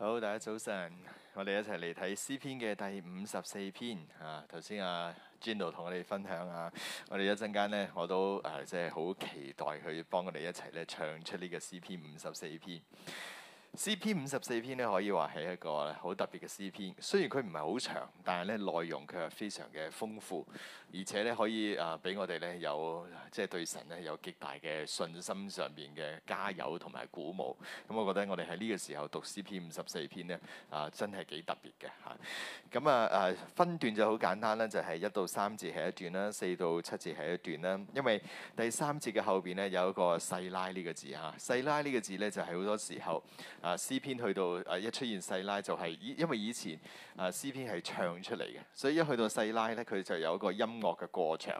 好，大家早上，我哋一齊嚟睇詩篇嘅第五十四篇。啊，頭先阿 Gino 同我哋分享啊，我哋一陣間咧，我都誒即係好期待佢幫我哋一齊咧唱出呢個詩篇五十四篇。C.P. 五十四篇咧可以話係一個好特別嘅 CP。雖然佢唔係好長，但係咧內容卻係非常嘅豐富，而且咧可以啊俾我哋咧有即係、就是、對神咧有極大嘅信心上邊嘅加油同埋鼓舞。咁、嗯、我覺得我哋喺呢個時候讀 C.P. 五十四篇咧啊真係幾特別嘅嚇。咁啊誒、啊、分段就好簡單啦，就係、是、一到三節係一段啦，四到七節係一段啦。因為第三節嘅後邊咧有一個細拉呢個字嚇，細、啊、拉呢個字咧就係好多時候。啊，詩篇去到誒、啊、一出現細拉就係、是，以因為以前啊詩篇係唱出嚟嘅，所以一去到細拉咧，佢就有一個音樂嘅過場。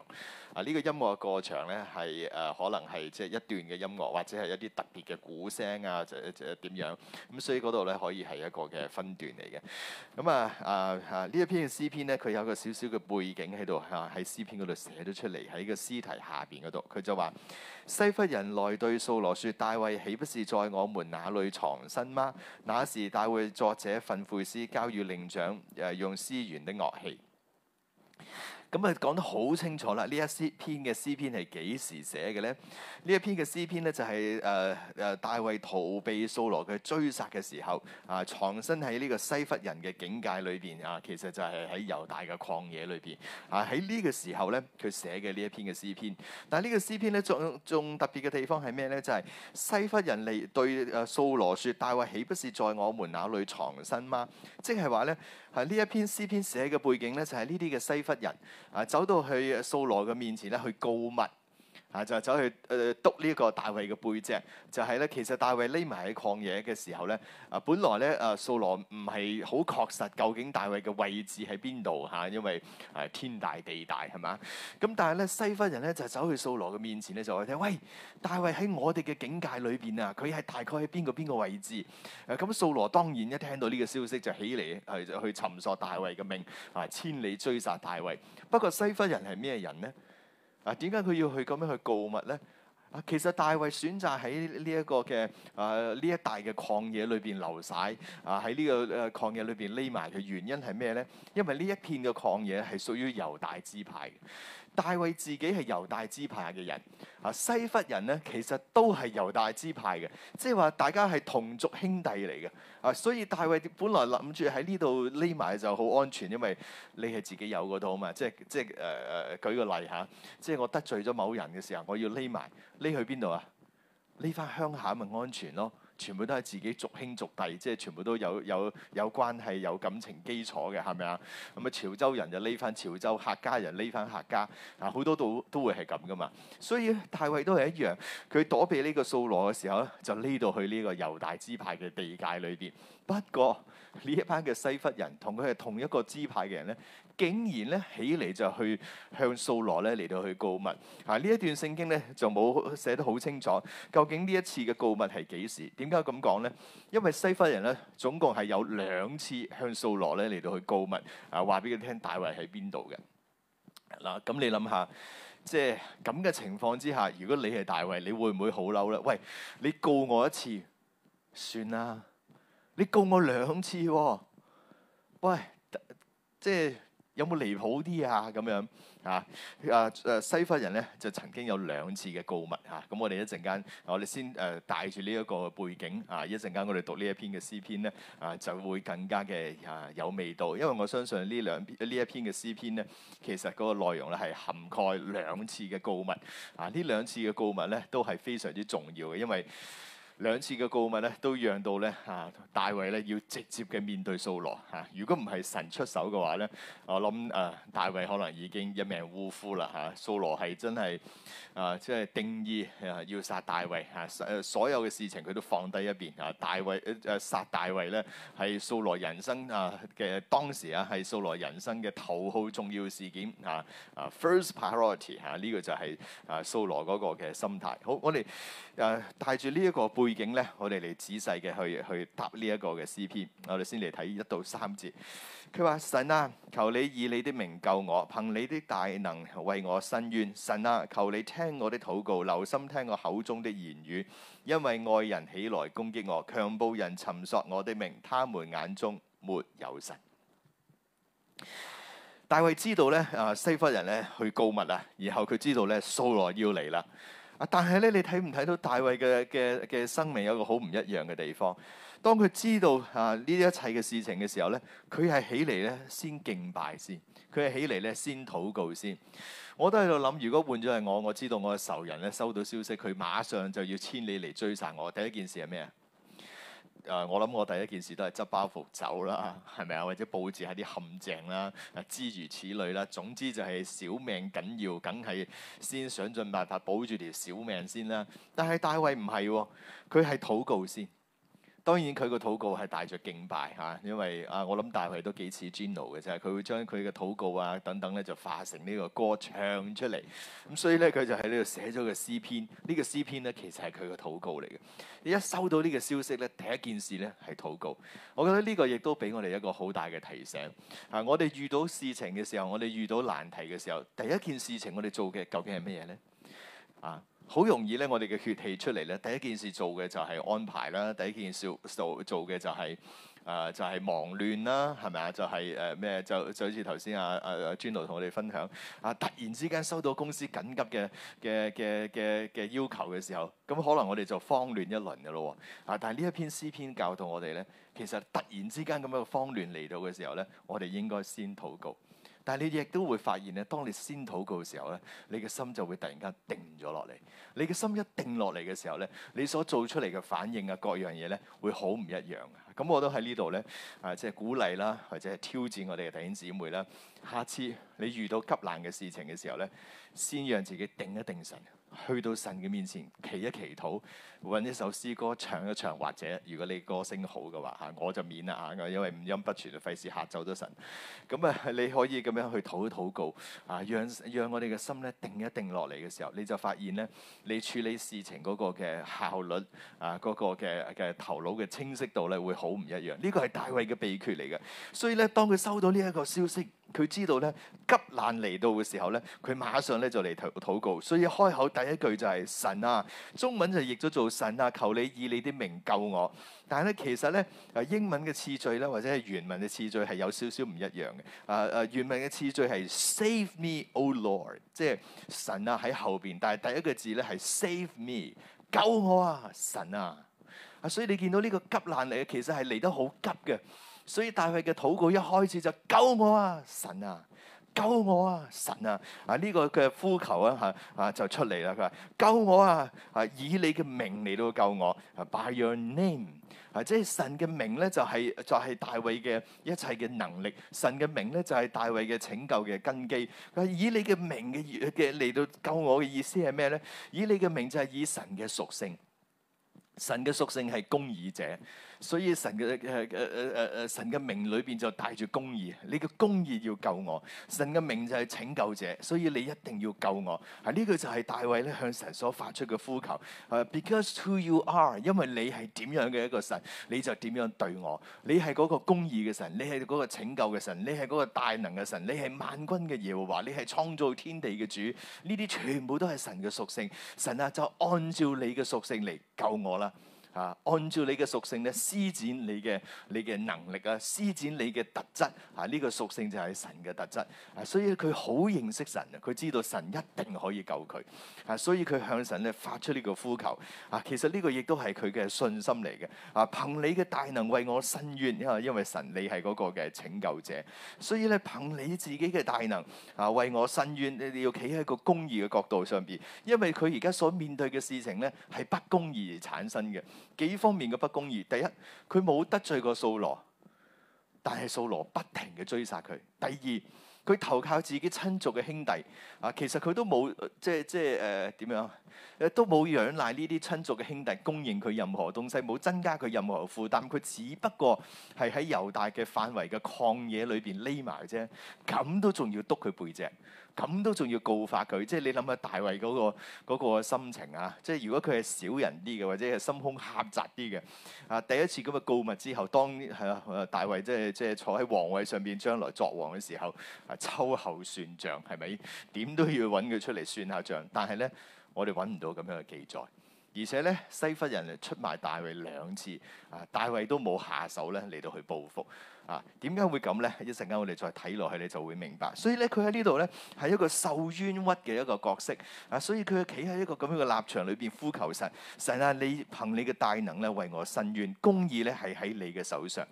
啊，呢、這個音樂嘅過場咧係誒可能係即係一段嘅音樂，或者係一啲特別嘅鼓聲啊，或者或者點樣咁，所以嗰度咧可以係一個嘅分段嚟嘅。咁啊啊啊呢一篇嘅詩篇咧，佢有個少少嘅背景喺度嚇，喺、啊、詩篇嗰度寫咗出嚟喺個詩題下邊嗰度，佢就話。西弗人來對掃羅說大：大衛豈不是在我們那裏藏身嗎？那時大衛作這訓誨詩交與伶長，用絲弦的樂器。咁啊，講得好清楚啦！呢一篇嘅詩篇係幾時寫嘅咧？呢一篇嘅詩篇咧、就是，就係誒誒，大衛逃避掃羅佢追殺嘅時候，啊藏身喺呢個西弗人嘅境界裏邊啊，其實就係喺猶大嘅曠野裏邊啊。喺呢個時候咧，佢寫嘅呢一篇嘅詩篇。但係呢個詩篇咧，仲仲特別嘅地方係咩咧？就係、是、西弗人嚟對誒掃羅説：大衛豈不是在我們那裏藏身嗎？即係話咧。啊！呢一篇詩篇寫嘅背景咧，就係呢啲嘅西弗人啊，走到去掃羅嘅面前咧，去告密。啊，就走去誒篤呢個大衛嘅背脊，就係、是、咧，其實大衛匿埋喺曠野嘅時候咧，啊，本來咧，啊，掃羅唔係好確實究竟大衛嘅位置喺邊度嚇，因為誒、啊、天大地大係嘛，咁但係咧，西弗人咧就走去掃羅嘅面前咧，就話聽，喂，大衛喺我哋嘅境界裏邊啊，佢係大概喺邊個邊個位置？誒、啊，咁掃羅當然一聽到呢個消息就起嚟，係去尋索大衛嘅命，啊，千里追殺大衛。不過西弗人係咩人咧？嗱，點解佢要去咁樣去告密咧？啊，其實大衛選擇喺呢、啊、一個嘅啊呢一帶嘅曠野裏邊流晒，啊喺呢、這個誒、啊、曠野裏邊匿埋嘅原因係咩咧？因為呢一片嘅曠野係屬於猶大支派嘅。大衛自己係猶大支派嘅人，啊西弗人咧其實都係猶大支派嘅，即係話大家係同族兄弟嚟嘅，啊所以大衛本來諗住喺呢度匿埋就好安全，因為你係自己有嗰度啊嘛，即係即係誒誒舉個例嚇，即係我得罪咗某人嘅時候，我要匿埋匿去邊度啊？匿翻鄉下咪安全咯。全部都係自己族兄族弟，即係全部都有有有關係、有感情基礎嘅，係咪啊？咁、嗯、啊潮州人就匿翻潮州，客家人匿翻客家，嗱、啊、好多度都會係咁噶嘛。所以大衛都係一樣，佢躲避呢個掃羅嘅時候咧，就匿到去呢個猶大支派嘅地界裏邊。不過呢一班嘅西弗人同佢係同一個支派嘅人咧。竟然咧起嚟就去向掃羅咧嚟到去告密，啊呢一段聖經咧就冇寫得好清楚，究竟呢一次嘅告密係幾時？點解咁講咧？因為西弗人咧總共係有兩次向掃羅咧嚟到去告密，啊話俾佢聽大衛喺邊度嘅。嗱、啊、咁你諗下，即係咁嘅情況之下，如果你係大衛，你會唔會好嬲咧？喂，你告我一次算啦，你告我兩次喎、哦，喂，即係。有冇離譜啲啊？咁樣嚇，誒誒西弗人咧，就曾經有兩次嘅告密嚇。咁、啊、我哋一陣間，我哋先誒、呃、帶住呢一個背景啊，一陣間我哋讀呢一篇嘅詩篇咧啊，就會更加嘅啊有味道。因為我相信呢兩呢一篇嘅詩篇咧，其實嗰個內容咧係涵蓋兩次嘅告密啊。呢兩次嘅告密咧都係非常之重要嘅，因為兩次嘅告密咧，都讓到咧吓、啊、大衛咧要直接嘅面對掃羅吓，如果唔係神出手嘅話咧，我諗誒、啊、大衛可能已經一命嗚呼啦吓，掃羅係真係啊即係、就是、定意誒、啊、要殺大衛吓誒所有嘅事情佢都放低一邊嚇、啊。大衛誒殺、啊、大衛咧係掃羅人生啊嘅當時啊係掃羅人生嘅頭號重要事件吓啊 first priority 吓、啊、呢、這個就係、是、啊掃羅嗰個嘅心態好，我哋誒帶住呢一個背。背景呢，我哋嚟仔細嘅去去答呢一個嘅詩篇，我哋先嚟睇一到三節。佢話神啊，求你以你的名救我，憑你的大能為我伸冤。神啊，求你聽我的禱告，留心聽我口中的言語，因為外人起來攻擊我，強暴人尋索我的命，他們眼中沒有神。大衛知道呢，啊，西弗人呢去告密啊，然後佢知道呢，掃羅要嚟啦。啊！但係咧，你睇唔睇到大衛嘅嘅嘅生命有個好唔一樣嘅地方？當佢知道啊呢一切嘅事情嘅時候咧，佢係起嚟咧先敬拜先，佢係起嚟咧先禱告先。我都喺度諗，如果換咗係我，我知道我嘅仇人咧收到消息，佢馬上就要千里嚟追殺我。第一件事係咩啊？誒、呃，我諗我第一件事都係執包袱走啦，係咪啊？或者佈置下啲陷阱啦，諸如此類啦。總之就係小命緊要，梗係先想盡辦法保住條小命先啦。但係大衛唔係喎，佢係禱告先。當然佢個禱告係帶着敬拜嚇、啊，因為啊，我諗大衛都幾似 Janu 嘅就啫，佢會將佢嘅禱告啊等等咧就化成呢個歌唱出嚟，咁所以咧佢就喺呢度寫咗個詩篇，呢、這個詩篇咧其實係佢個禱告嚟嘅。你一收到呢個消息咧，第一件事咧係禱告。我覺得呢個亦都俾我哋一個好大嘅提醒嚇、啊。我哋遇到事情嘅時候，我哋遇到難題嘅時候，第一件事情我哋做嘅究竟係乜嘢咧？啊！好容易咧，我哋嘅血氣出嚟咧，第一件事做嘅就係安排啦，第一件事做做嘅就係、是、誒、呃，就係、是、忙亂啦，係咪、就是呃、啊？就係誒咩？就就好似頭先啊啊啊，專、啊、奴同我哋分享啊，突然之間收到公司緊急嘅嘅嘅嘅嘅要求嘅時候，咁可能我哋就慌亂一輪嘅咯喎。但係呢一篇詩篇教導我哋咧，其實突然之間咁樣嘅慌亂嚟到嘅時候咧，我哋應該先禱告。但係你亦都會發現咧，當你先禱告嘅時候咧，你嘅心就會突然間定咗落嚟。你嘅心一定落嚟嘅時候咧，你所做出嚟嘅反應啊，各樣嘢咧，會好唔一樣嘅。咁我都喺呢度咧，啊，即係鼓勵啦，或者係挑戰我哋嘅弟兄姊妹啦。下次你遇到急難嘅事情嘅時候咧，先讓自己定一定神。去到神嘅面前，祈一祈禱，揾一首詩歌唱一唱，或者如果你歌聲好嘅話，嚇，我就免啦嚇，因為五音不全，就費事吓走咗神。咁啊，你可以咁樣去禱禱告啊，讓讓我哋嘅心咧定一定落嚟嘅時候，你就發現咧，你處理事情嗰個嘅效率啊，嗰個嘅嘅頭腦嘅清晰度咧，會好唔一樣，呢個係大衛嘅秘訣嚟嘅，所以咧，當佢收到呢一個消息，佢知道咧急難嚟到嘅時候咧，佢馬上咧就嚟禱禱告，所以開口。第一句就係神啊，中文就譯咗做神啊，求你以你啲名救我。但係咧，其實咧、呃，英文嘅次序咧，或者係原文嘅次序係有少少唔一樣嘅。誒、呃、誒、呃，原文嘅次序係 Save me, O Lord，即係神啊喺後邊，但係第一個字咧係 Save me，救我啊，神啊！所以你見到呢個急難嚟嘅，其實係嚟得好急嘅。所以大衞嘅禱告一開始就救我啊，神啊！救我啊！神啊！啊呢、這個嘅呼求啊吓啊就出嚟啦！佢話救我啊！啊以你嘅名嚟到救我，啊。By your name 啊，即係神嘅名咧，就係、是、就係、是、大衛嘅一切嘅能力。神嘅名咧，就係、是、大衛嘅拯救嘅根基。佢以你嘅名嘅嘅嚟到救我嘅意思係咩咧？以你嘅名，名就係以神嘅屬性。神嘅屬性係公義者。所以神嘅誒誒誒誒誒神嘅名裏邊就帶住公義，你嘅公義要救我，神嘅名就係拯救者，所以你一定要救我。係呢句就係大衛咧向神所發出嘅呼求。誒，啊，Because who you are，因為你係點樣嘅一個神，你就點樣對我。你係嗰個公義嘅神，你係嗰個拯救嘅神，你係嗰個大能嘅神，你係萬軍嘅耶和華，你係創造天地嘅主。呢啲全部都係神嘅屬性，神啊就按照你嘅屬性嚟救我啦。啊！按照你嘅屬性咧，施展你嘅你嘅能力啊，施展你嘅特質啊，呢個屬性就係神嘅特質啊。所以佢好認識神啊，佢知道神一定可以救佢啊。所以佢向神咧發出呢個呼求啊。其實呢個亦都係佢嘅信心嚟嘅啊。憑你嘅大能為我伸冤，因為神你係嗰個嘅拯救者，所以咧憑你自己嘅大能啊為我伸冤。你你要企喺個公義嘅角度上邊，因為佢而家所面對嘅事情咧係不公義而產生嘅。幾方面嘅不公義。第一，佢冇得罪過掃羅，但係掃羅不停嘅追殺佢。第二，佢投靠自己親族嘅兄弟啊，其實佢都冇即係即係誒點樣誒、呃、都冇仰賴呢啲親族嘅兄弟供應佢任何東西，冇增加佢任何負擔。佢只不過係喺猶大嘅範圍嘅曠野裏邊匿埋啫，咁都仲要篤佢背脊。咁都仲要告發佢，即係你諗下大衛嗰個嗰個心情啊！即係如果佢係小人啲嘅，或者係心胸狹窄啲嘅，啊第一次咁嘅告密之後，當係啊，啊大衛即係即係坐喺皇位上邊，將來作王嘅時候，啊秋後算賬係咪？點都要揾佢出嚟算下賬。但係咧，我哋揾唔到咁樣嘅記載，而且咧西弗人出賣大衛兩次，啊大衛都冇下手咧嚟到去報復。啊，點解會咁咧？一陣間我哋再睇落去，你就會明白。所以咧，佢喺呢度咧係一個受冤屈嘅一個角色啊。所以佢企喺一個咁樣嘅立場裏邊呼求神：神啊，你憑你嘅大能咧為我伸冤，公義咧係喺你嘅手上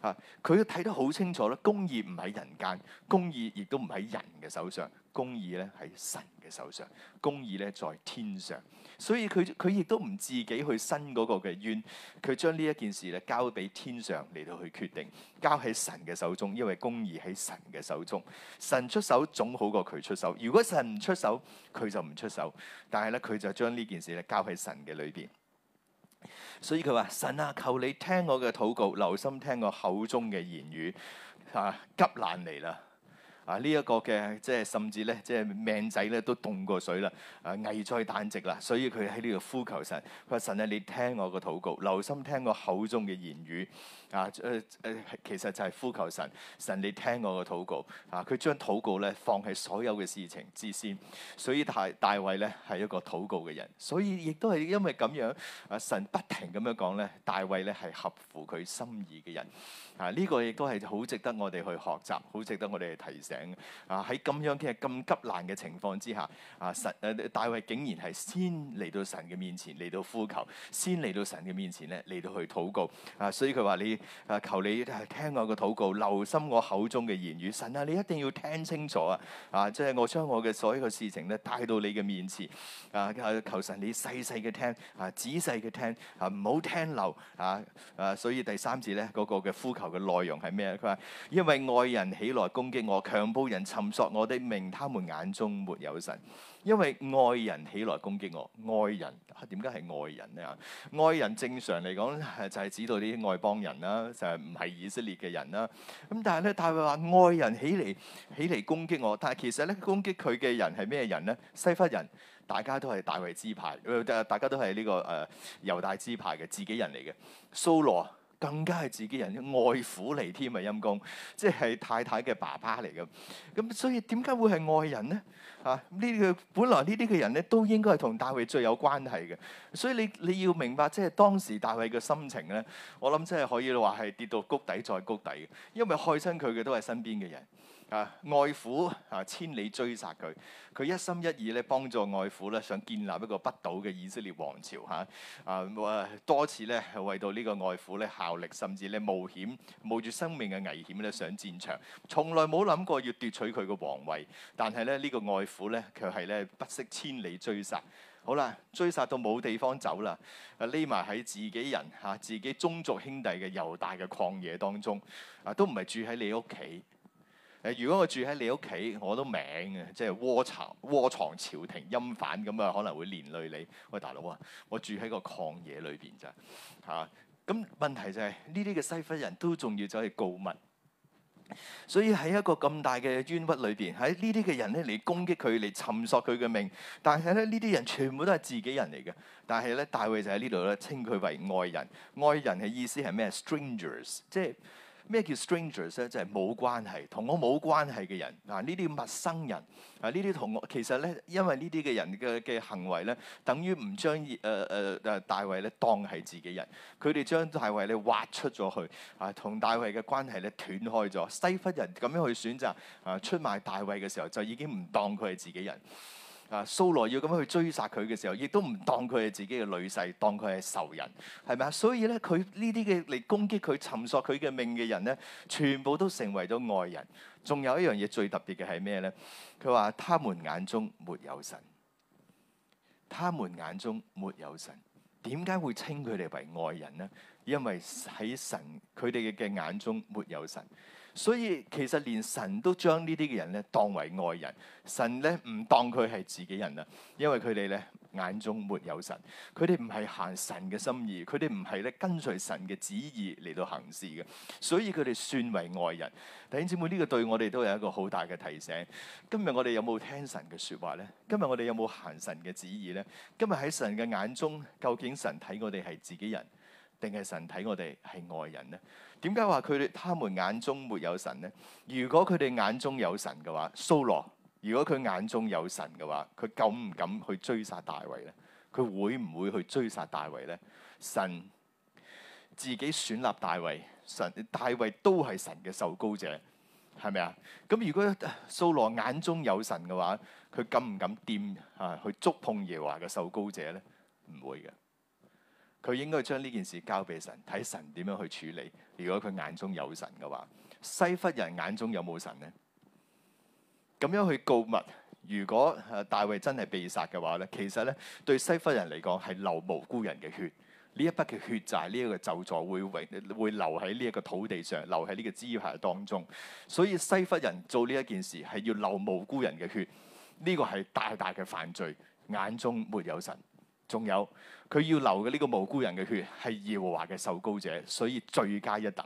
啊！佢睇得好清楚咯，公義唔喺人間，公義亦都唔喺人嘅手上，公義咧喺神嘅手上，公義咧在天上。所以佢佢亦都唔自己去伸嗰個嘅冤，佢將呢一件事咧交俾天上嚟到去決定。交喺神嘅手中，因為公義喺神嘅手中，神出手總好過佢出手。如果神唔出手，佢就唔出手。但係咧，佢就將呢件事咧交喺神嘅裏邊。所以佢話：神啊，求你聽我嘅禱告，留心聽我口中嘅言語。啊，急難嚟啦！啊，呢、這、一個嘅即係甚至咧，即係命仔咧都凍過水啦！啊，危在旦夕啦！所以佢喺呢度呼求神。佢話：神啊，你聽我嘅禱告，留心聽我口中嘅言語。啊誒誒，其實就係呼求神，神你聽我嘅禱告啊！佢將禱告咧放喺所有嘅事情之先，所以大大衛咧係一個禱告嘅人，所以亦都係因為咁樣啊，神不停咁樣講咧，大衛咧係合乎佢心意嘅人啊！呢、這個亦都係好值得我哋去學習，好值得我哋去提醒啊！喺咁樣嘅咁急難嘅情況之下啊，神誒、啊、大衛竟然係先嚟到神嘅面前，嚟到呼求，先嚟到神嘅面前咧嚟到去禱告啊！所以佢話你。啊！求你啊，聽我個禱告，留心我口中嘅言語。神啊，你一定要聽清楚啊！啊，即係我將我嘅所有嘅事情咧，帶到你嘅面前啊！啊，求神你細細嘅聽啊，仔細嘅聽啊，唔好聽漏啊！啊，所以第三節咧，嗰個嘅呼求嘅內容係咩？佢話因為外人起來攻擊我，強暴人尋索我的命，他們眼中沒有神。因為外人起來攻擊我，外人點解係外人咧？外人正常嚟講就係指到啲外邦人啦，就係唔係以色列嘅人啦。咁但係咧，大衛話外人起嚟起嚟攻擊我，但係其實咧攻擊佢嘅人係咩人咧？西弗人，大家都係大衛支派、呃，大家都係呢、這個誒、呃、猶大支派嘅自己人嚟嘅，蘇羅。更加係自己人嘅外父嚟添啊，陰公，即係太太嘅爸爸嚟嘅。咁所以點解會係外人咧？啊，呢個本來呢啲嘅人咧，都應該係同大衛最有關係嘅。所以你你要明白，即係當時大衛嘅心情咧，我諗即係可以話係跌到谷底再谷底嘅，因為害親佢嘅都係身邊嘅人。啊！外父啊，千里追殺佢，佢一心一意咧幫助外父咧，想建立一個不倒嘅以色列王朝嚇啊，啊！多次咧係為到呢個外父咧效力，甚至咧冒險冒住生命嘅危險咧上戰場，從來冇諗過要奪取佢嘅皇位。但係咧呢、呢個外父咧卻係咧不惜千里追殺。好啦，追殺到冇地方走啦，匿埋喺自己人嚇、啊、自己宗族兄弟嘅猶大嘅曠野當中啊，都唔係住喺你屋企。誒，如果我住喺你屋企，我都名嘅，即係窩藏、窩藏朝廷、欽犯咁啊，可能會連累你。喂，大佬啊，我住喺個曠野裏邊咋吓，咁、啊啊、問題就係呢啲嘅西弗人都仲要走去告密，所以喺一個咁大嘅冤屈裏邊，喺呢啲嘅人咧嚟攻擊佢，嚟尋索佢嘅命。但係咧，呢啲人全部都係自己人嚟嘅。但係咧，大衛就喺呢度咧稱佢為外人。外人嘅意思係咩？Strangers，即係。咩叫 strangers 咧？就係、是、冇關係，同我冇關係嘅人。嗱、啊，呢啲陌生人，啊，呢啲同我。其實咧，因為呢啲嘅人嘅嘅行為咧，等於唔將誒誒誒大衛咧當係自己人。佢哋將大衛咧劃出咗去，啊，同大衛嘅關係咧斷開咗。西弗人咁樣去選擇啊出賣大衛嘅時候，就已經唔當佢係自己人。啊，蘇羅要咁樣去追殺佢嘅時候，亦都唔當佢係自己嘅女婿，當佢係仇人，係咪啊？所以咧，佢呢啲嘅嚟攻擊佢、尋索佢嘅命嘅人咧，全部都成為咗外人。仲有一樣嘢最特別嘅係咩咧？佢話：他們眼中沒有神，他們眼中沒有神。點解會稱佢哋為外人呢？因為喺神佢哋嘅眼中沒有神。所以其實連神都將呢啲嘅人咧當為外人，神咧唔當佢係自己人啦，因為佢哋咧眼中沒有神，佢哋唔係行神嘅心意，佢哋唔係咧跟隨神嘅旨意嚟到行事嘅，所以佢哋算為外人。弟兄姊妹呢個對我哋都有一個好大嘅提醒。今日我哋有冇聽神嘅說話咧？今日我哋有冇行神嘅旨意咧？今日喺神嘅眼中，究竟神睇我哋係自己人，定係神睇我哋係外人呢？點解話佢哋、他們眼中沒有神呢？如果佢哋眼中有神嘅話，掃羅如果佢眼中有神嘅話，佢敢唔敢去追殺大衛呢？佢會唔會去追殺大衛呢？神自己選立大衛，神大衛都係神嘅受膏者，係咪啊？咁如果掃羅眼中有神嘅話，佢敢唔敢掂啊？去觸碰耶和華嘅受膏者呢？唔會嘅。佢應該將呢件事交俾神，睇神點樣去處理。如果佢眼中有神嘅話，西弗人眼中有冇神呢？咁樣去告密。如果大衛真係被殺嘅話咧，其實咧對西弗人嚟講係流無辜人嘅血。呢一筆嘅血債，呢一個咒詛會永會流喺呢一個土地上，流喺呢個支派當中。所以西弗人做呢一件事係要流無辜人嘅血，呢、這個係大大嘅犯罪，眼中沒有神。仲有佢要流嘅呢個無辜人嘅血，係耶和華嘅受膏者，所以罪加一等。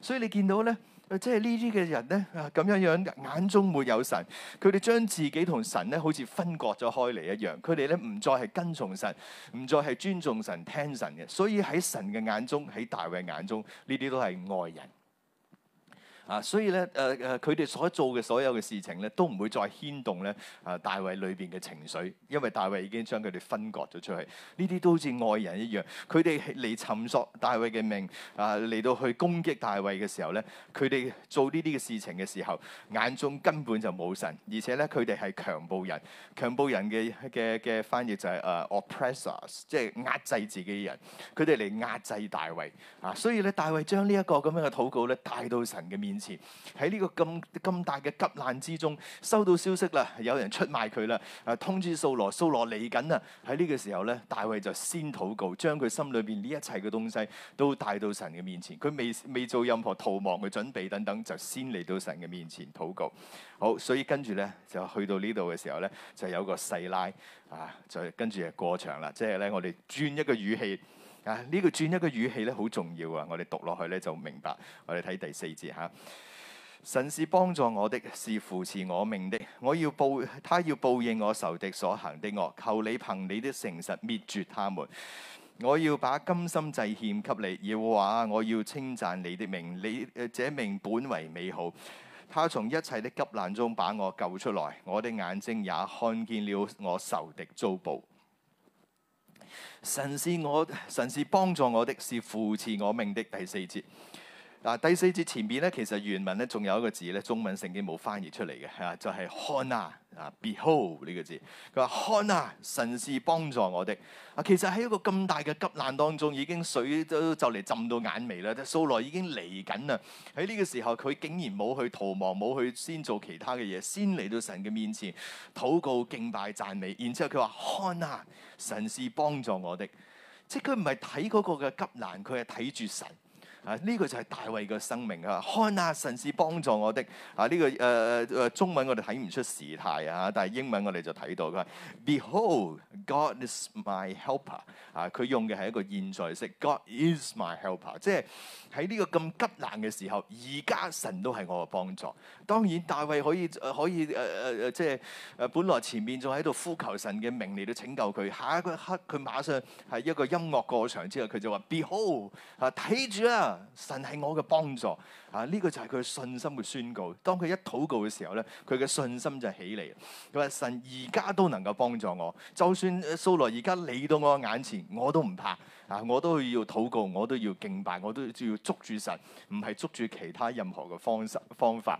所以你見到咧，即係呢啲嘅人咧，咁、啊、樣樣眼中沒有神，佢哋將自己同神咧好似分割咗開嚟一樣，佢哋咧唔再係跟從神，唔再係尊重神、聽神嘅。所以喺神嘅眼中，喺大衛眼中，呢啲都係外人。啊，所以咧，誒誒佢哋所做嘅所有嘅事情咧，都唔會再牽動咧，誒、呃、大衛裏邊嘅情緒，因為大衛已經將佢哋分割咗出去。呢啲都好似外人一樣，佢哋嚟尋索大衛嘅命，啊，嚟到去攻擊大衛嘅時候咧，佢哋做呢啲嘅事情嘅時候，眼中根本就冇神，而且咧，佢哋係強暴人，強暴人嘅嘅嘅翻譯就係、是、誒、uh, oppressors，即係壓制自己人，佢哋嚟壓制大衛啊，所以咧，大衛將呢一個咁樣嘅禱告咧，帶到神嘅面。前喺呢個咁咁大嘅急難之中，收到消息啦，有人出賣佢啦，啊，通知掃羅，掃羅嚟緊啊！喺呢個時候咧，大衛就先禱告，將佢心裏邊呢一切嘅東西都帶到神嘅面前。佢未未做任何逃亡嘅準備等等，就先嚟到神嘅面前禱告。好，所以跟住咧就去到呢度嘅時候咧，就有個細拉，啊，就跟住就過場啦，即係咧，我哋轉一個語氣。啊！呢個轉一個語氣咧，好重要啊！我哋讀落去咧就明白。我哋睇第四節嚇，神是幫助我的，是扶持我命的。我要報，他要報應我仇敵所行的惡。求你憑你的誠實滅絕他們。我要把甘心祭獻給你，要我話我要稱讚你的名。你這名本為美好。他從一切的急難中把我救出來，我的眼睛也看見了我仇敵遭報。神是我，神是幫助我的，是扶持我命的，第四節。嗱、啊、第四節前邊咧，其實原文咧仲有一個字咧，中文聖經冇翻譯出嚟嘅，嚇、啊、就係、看啊啊，Behold 呢個字，佢話看啊，ana, 神是幫助我的。啊，其實喺一個咁大嘅急難當中，已經水都就嚟浸到眼眉啦，掃羅已經嚟緊啦。喺呢個時候，佢竟然冇去逃亡，冇去先做其他嘅嘢，先嚟到神嘅面前禱告敬拜讚美。然之後佢話看啊，ana, 神是幫助我的。即係佢唔係睇嗰個嘅急難，佢係睇住神。啊！呢、這個就係大衛嘅生命啊！看啊，神是幫助我的。啊！呢、這個誒誒誒，中文我哋睇唔出時態啊，但係英文我哋就睇到佢。Behold, God is my helper。啊！佢用嘅係一個現在式，God is my helper，即係。喺呢個咁急難嘅時候，而家神都係我嘅幫助。當然，大衛可以，可以，誒誒誒，即係誒、呃，本來前面仲喺度呼求神嘅名嚟到拯救佢，下一個刻佢馬上喺一個音樂過場之後，佢就話：Behold，啊，睇住啦，神係我嘅幫助。啊！呢、這個就係佢信心嘅宣告。當佢一禱告嘅時候咧，佢嘅信心就起嚟。佢話：神而家都能夠幫助我，就算掃羅而家嚟到我眼前，我都唔怕。啊！我都要禱告，我都要敬拜，我都要捉住神，唔係捉住其他任何嘅方式方法。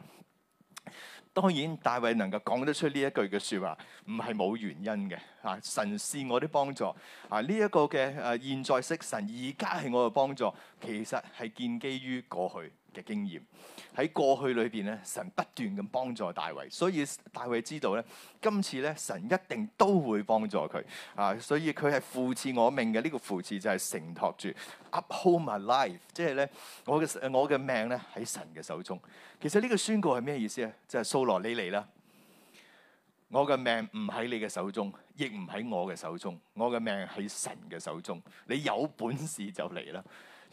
當然，大衛能夠講得出呢一句嘅説話，唔係冇原因嘅。啊！神是我的幫助。啊！呢、這、一個嘅誒、啊、現在式神而家係我嘅幫助，其實係建基於過去。嘅經驗喺過去裏邊咧，神不斷咁幫助大衛，所以大衛知道咧，今次咧神一定都會幫助佢啊！所以佢係扶持我命嘅，呢個扶持就係承托住 uphold my life，即係咧我嘅我嘅命咧喺神嘅手中。其實呢個宣告係咩意思啊？即係掃羅你嚟啦！我嘅命唔喺你嘅手中，亦唔喺我嘅手中，我嘅命喺神嘅手中。你有本事就嚟啦！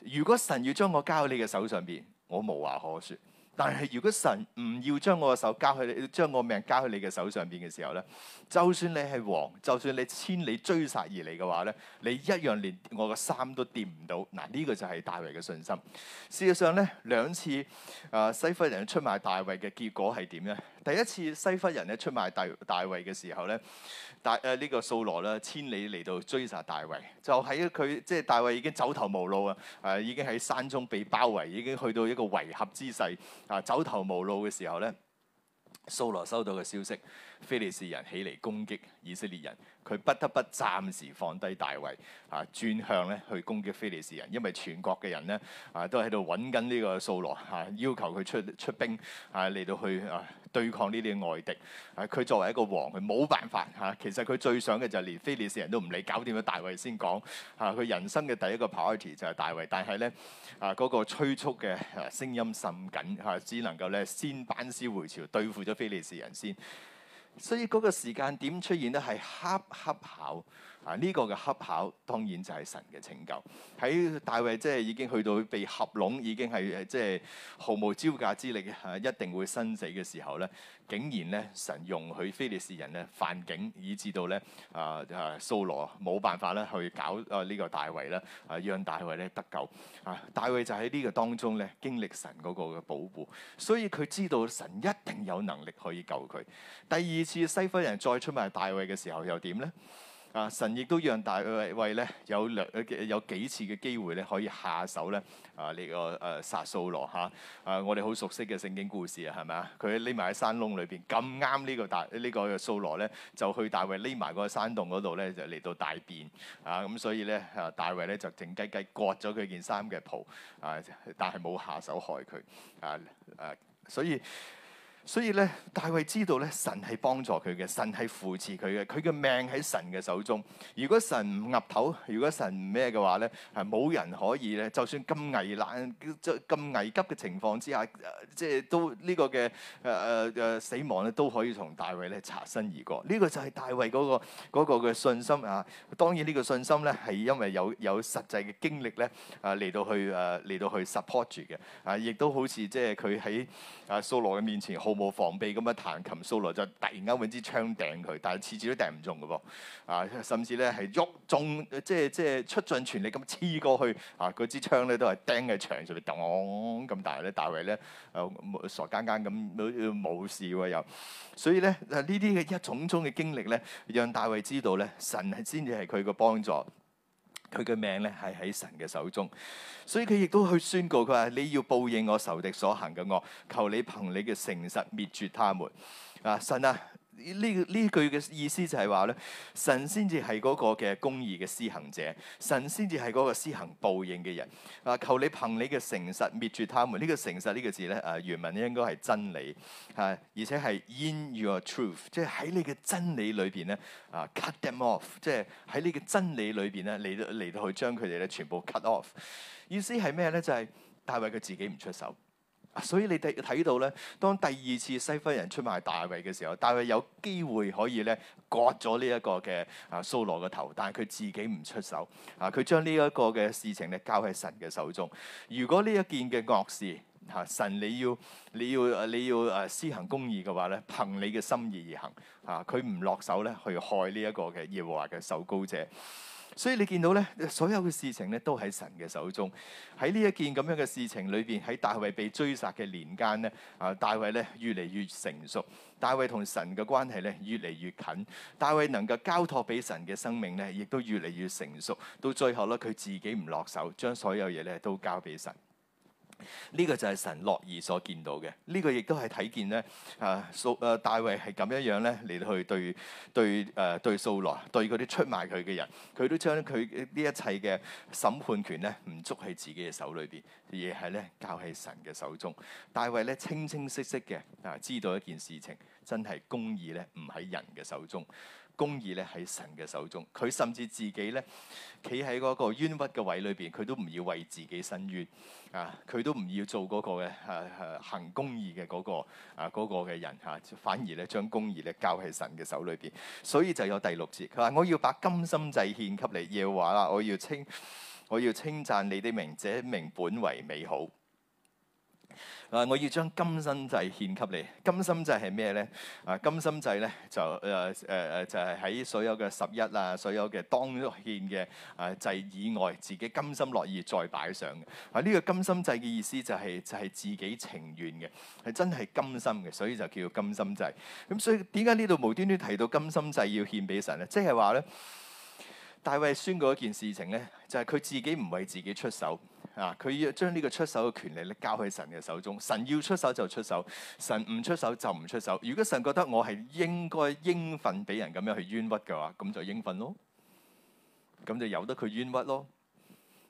如果神要將我交喺你嘅手上邊，我無話可說，但係如果神唔要將我個手交去你，將我命交去你嘅手上邊嘅時候咧，就算你係王，就算你千里追殺而嚟嘅話咧，你一樣連我個衫都掂唔到。嗱，呢、這個就係大衛嘅信心。事實上咧，兩次啊、呃、西弗人出賣大衛嘅結果係點咧？第一次西弗人咧出賣大大衛嘅時候咧。大誒、這個、呢個掃羅啦，千里嚟到追殺大衛，就喺佢即係大衛已經走投無路啊！誒已經喺山中被包圍，已經去到一個圍合之勢啊！走投無路嘅時候咧，掃羅收到嘅消息，非利士人起嚟攻擊以色列人。佢不得不暫時放低大衛啊，轉向咧去攻擊菲利士人，因為全國嘅人咧啊都喺度揾緊呢個掃羅啊，要求佢出出兵啊嚟到去啊對抗呢啲外敵。佢、啊、作為一個王，佢冇辦法嚇、啊。其實佢最想嘅就係連菲利士人都唔理，搞掂咗大衛先講嚇。佢、啊、人生嘅第一個 priority 就係大衛，但係咧啊嗰、那個催促嘅聲音甚緊嚇、啊，只能夠咧先班師回朝，對付咗菲利士人先。所以嗰個時間點出現咧，係“恰恰巧”。啊！呢、這個嘅恰巧當然就係神嘅拯救，喺大衛即係已經去到被合攏，已經係即係毫無招架之力嚇、啊，一定會生死嘅時候咧，竟然咧神容許非利士人咧犯境，以至到咧啊啊掃羅冇辦法咧去搞啊呢、這個大衛啦，啊讓大衛咧得救啊。大衛就喺呢個當中咧經歷神嗰個嘅保護，所以佢知道神一定有能力可以救佢。第二次西弗人再出賣大衛嘅時候又點咧？啊！神亦都讓大衛咧有兩有幾次嘅機會咧可以下手咧啊！呢個誒殺掃羅嚇啊！我哋好熟悉嘅聖經故事啊，係咪啊？佢匿埋喺山窿裏邊，咁啱呢個大呢個掃羅咧就去大衛匿埋個山洞嗰度咧就嚟到大便啊！咁所以咧啊大衛咧就靜雞雞割咗佢件衫嘅袍啊，但係冇下手害佢啊啊！所以。所以咧，大衛知道咧，神係幫助佢嘅，神係扶持佢嘅，佢嘅命喺神嘅手中。如果神唔岌頭，如果神唔咩嘅話咧，係冇人可以咧。就算咁危難，咁危急嘅情況之下，呃、即係都呢、呢個嘅誒誒誒死亡咧，都可以同大衛咧擦身而過呢、呢個就係大衛，嗰個，嗰個嘅信心啊。當然呢個信心咧係因為有有實際嘅經歷咧，啊，嚟到去誒嚟到去 support 住嘅。啊，亦、啊啊、都好似即係佢喺啊掃羅嘅面前。毫無防備咁樣彈琴，掃羅就突然間搵支槍掟佢，但係次次都掟唔中噶噃，啊，甚至咧係喐中，即係即係出盡全力咁黐過去，啊，嗰支槍咧都係釘喺牆上面，咁但係咧大衛咧，誒、呃，傻更更咁冇事喎又、呃，所以咧，誒、啊，呢啲嘅一種種嘅經歷咧，讓大衛知道咧，神係先至係佢嘅幫助。佢嘅命呢係喺神嘅手中，所以佢亦都去宣告：佢話你要報應我仇敵所行嘅惡，求你憑你嘅誠實滅絕他們。啊，神啊！呢呢句嘅意思就係話咧，神先至係嗰個嘅公義嘅施行者，神先至係嗰個施行報應嘅人，你你、這個應。啊，求你憑你嘅誠實滅絕他們。呢個誠實呢個字咧，啊原文應該係真理，嚇，而且係 in your truth，即係喺你嘅真理裏邊咧，啊 cut them off，即係喺你嘅真理裏邊咧，嚟嚟到去將佢哋咧全部 cut off。意思係咩咧？就係、是、大衛佢自己唔出手。所以你哋睇到咧，當第二次西非人出賣大衛嘅時候，大衛有機會可以咧割咗呢一個嘅啊蘇羅嘅頭，但係佢自己唔出手啊，佢將呢一個嘅事情咧交喺神嘅手中。如果呢一件嘅惡事吓、啊、神你，你要你要你要誒施行公義嘅話咧，憑你嘅心意而行啊，佢唔落手咧去害呢一個嘅耶和華嘅受膏者。所以你見到咧，所有嘅事情咧都喺神嘅手中。喺呢一件咁樣嘅事情裏邊，喺大衛被追殺嘅年間咧，啊大衛咧越嚟越成熟，大衛同神嘅關係咧越嚟越近，大衛能夠交託俾神嘅生命咧，亦都越嚟越成熟。到最後咧，佢自己唔落手，將所有嘢咧都交俾神。呢個就係神樂意所見到嘅，呢、這個亦都係睇見咧啊，掃誒大衛係咁樣樣咧嚟到去對對誒、呃、對掃羅對啲出賣佢嘅人，佢都將佢呢一切嘅審判權咧唔捉喺自己嘅手裏邊，而係咧交喺神嘅手中。大衛咧清清晰晰嘅啊，知道一件事情，真係公義咧唔喺人嘅手中。公義咧喺神嘅手中，佢甚至自己咧企喺嗰個冤屈嘅位裏邊，佢都唔要為自己申冤啊！佢都唔要做嗰個嘅誒誒行公義嘅嗰個啊、嗰個嘅人吓、啊，反而咧將公義咧交喺神嘅手裏邊，所以就有第六節佢話我要把甘心祭獻給你耶和華啦，我要稱我要稱讚你的名，這名本為美好。啊！我要將甘心祭獻給你。甘心祭係咩咧？啊，甘心祭咧就誒誒誒，就係喺、呃就是、所有嘅十一啊，所有嘅當獻嘅誒祭以外，自己甘心樂意再擺上嘅。啊，呢、這個甘心祭嘅意思就係、是、就係、是、自己情願嘅，係真係甘心嘅，所以就叫甘心祭。咁所以點解呢度無端端提到甘心祭要獻俾神咧？即係話咧。大衛宣告一件事情咧，就係、是、佢自己唔為自己出手啊！佢要將呢個出手嘅權利咧交喺神嘅手中。神要出手就出手，神唔出手就唔出手。如果神覺得我係應該應份俾人咁樣去冤屈嘅話，咁就應份咯。咁就由得佢冤屈咯。